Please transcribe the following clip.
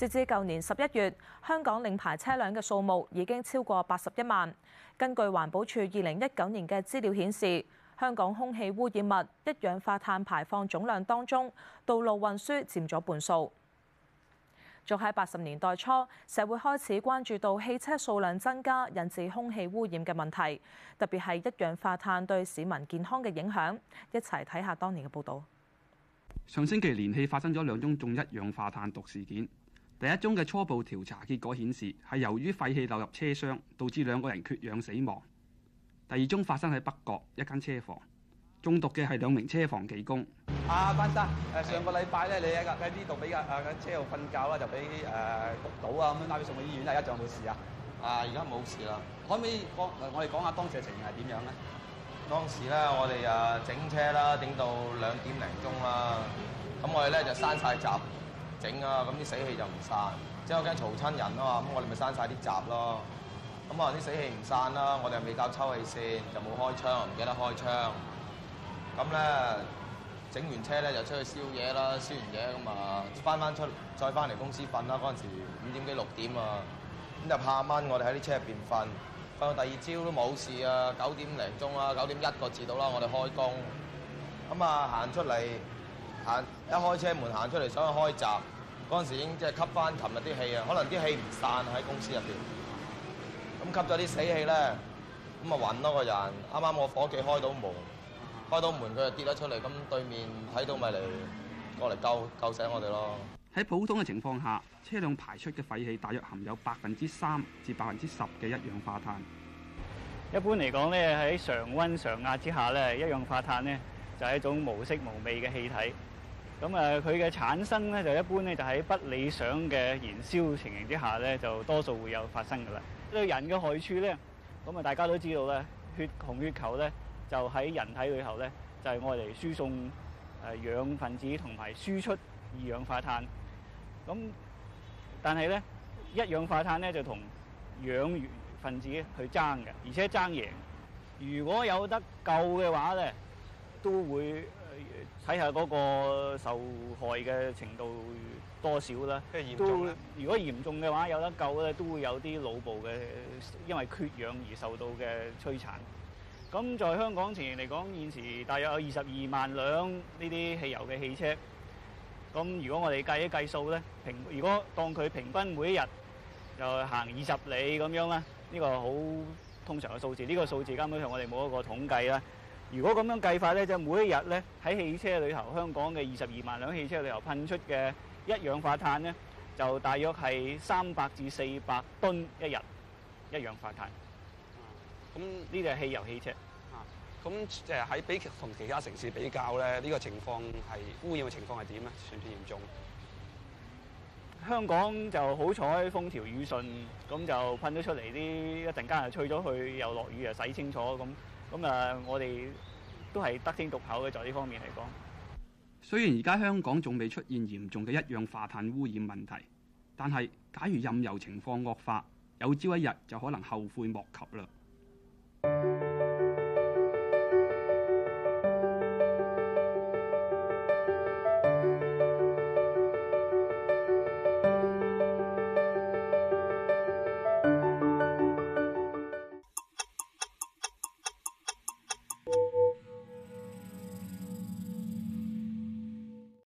截至舊年十一月，香港領牌車輛嘅數目已經超過八十一萬。根據環保署二零一九年嘅資料顯示，香港空氣污染物一氧化碳排放總量當中，道路運輸佔咗半數。早喺八十年代初，社會開始關注到汽車數量增加引致空氣污染嘅問題，特別係一氧化碳對市民健康嘅影響。一齊睇下當年嘅報道。上星期連氣發生咗兩宗中一氧化碳毒事件。第一宗嘅初步調查結果顯示，係由於廢氣流入車廂，導致兩個人缺氧死亡。第二宗發生喺北角一間車房，中毒嘅係兩名車房技工。阿、啊、班生，誒、呃、上個禮拜咧，你喺喺呢度俾個啊喺車度瞓覺啦，就俾誒毒到啊，咁拉佢送去醫院啦，而家仲有冇事啊？啊，而家冇事啦。可唔可以我哋講下當時嘅情形係點樣咧？當時咧，我哋啊整車啦，整到兩點零鐘啦，咁我哋咧就閂晒閘。整啊，咁、嗯、啲死氣就唔散，即係我驚嘈親人啊嘛，咁我哋咪刪晒啲閘咯。咁 啊，啲、嗯嗯、死氣唔散啦，我哋未搭抽氣線，就冇開窗，唔記得開窗。咁咧整完車咧就出去燒嘢啦，燒完嘢咁啊翻翻出，再翻嚟公司瞓啦。嗰陣時五點幾六點啊，咁就下晚我哋喺啲車入邊瞓，瞓到第二朝都冇事啊，九點零鐘啊，九點一個字到啦，我哋開工。咁啊行出嚟。一開車門行出嚟想去開閘，嗰陣時已經即係吸翻琴日啲氣啊！可能啲氣唔散喺公司入邊，咁吸咗啲死氣咧，咁啊揾多個人，啱啱我夥計開到門，開到門佢就跌咗出嚟，咁對面睇到咪嚟過嚟救救醒我哋咯。喺普通嘅情況下，車輛排出嘅廢氣大約含有百分之三至百分之十嘅一氧化碳。一般嚟講咧，喺常溫常壓之下咧，一氧化碳咧就係一種無色無味嘅氣體。咁啊，佢嘅產生咧就一般咧就喺不理想嘅燃燒情形之下咧，就多數會有發生噶啦。對人嘅害處咧，咁啊大家都知道咧，血紅血球咧就喺人體裏頭咧就係愛嚟輸送誒氧分子同埋輸出二氧化碳。咁但係咧一氧化碳咧就同氧分子去爭嘅，而且爭贏。如果有得救嘅話咧，都會。睇下嗰個受害嘅程度多少啦，都如果嚴重嘅話，有得救咧，都會有啲腦部嘅因為缺氧而受到嘅摧殘。咁在香港情形嚟講，現時大約有二十二萬輛呢啲汽油嘅汽車。咁如果我哋計一計數咧，平如果當佢平均每一日就行二十里咁樣啦，呢個好通常嘅數字。呢個數字根本上我哋冇一個統計啦。如果咁樣計法咧，就每一日咧喺汽車裏頭，香港嘅二十二萬輛汽車裏頭噴出嘅一氧化碳咧，就大約係三百至四百噸一日一氧化碳。咁呢啲係汽油汽車。咁誒喺比同其他城市比較咧，呢個情況係污染嘅情況係點咧？算唔算嚴重？香港就好彩風調雨順，咁就噴咗出嚟啲，一陣間就吹咗去，又落雨又洗清楚咁。咁誒，我哋都係得天獨厚嘅，在呢方面嚟講。雖然而家香港仲未出現嚴重嘅一氧化碳污染問題，但係假如任由情況惡化，有朝一日就可能後悔莫及啦。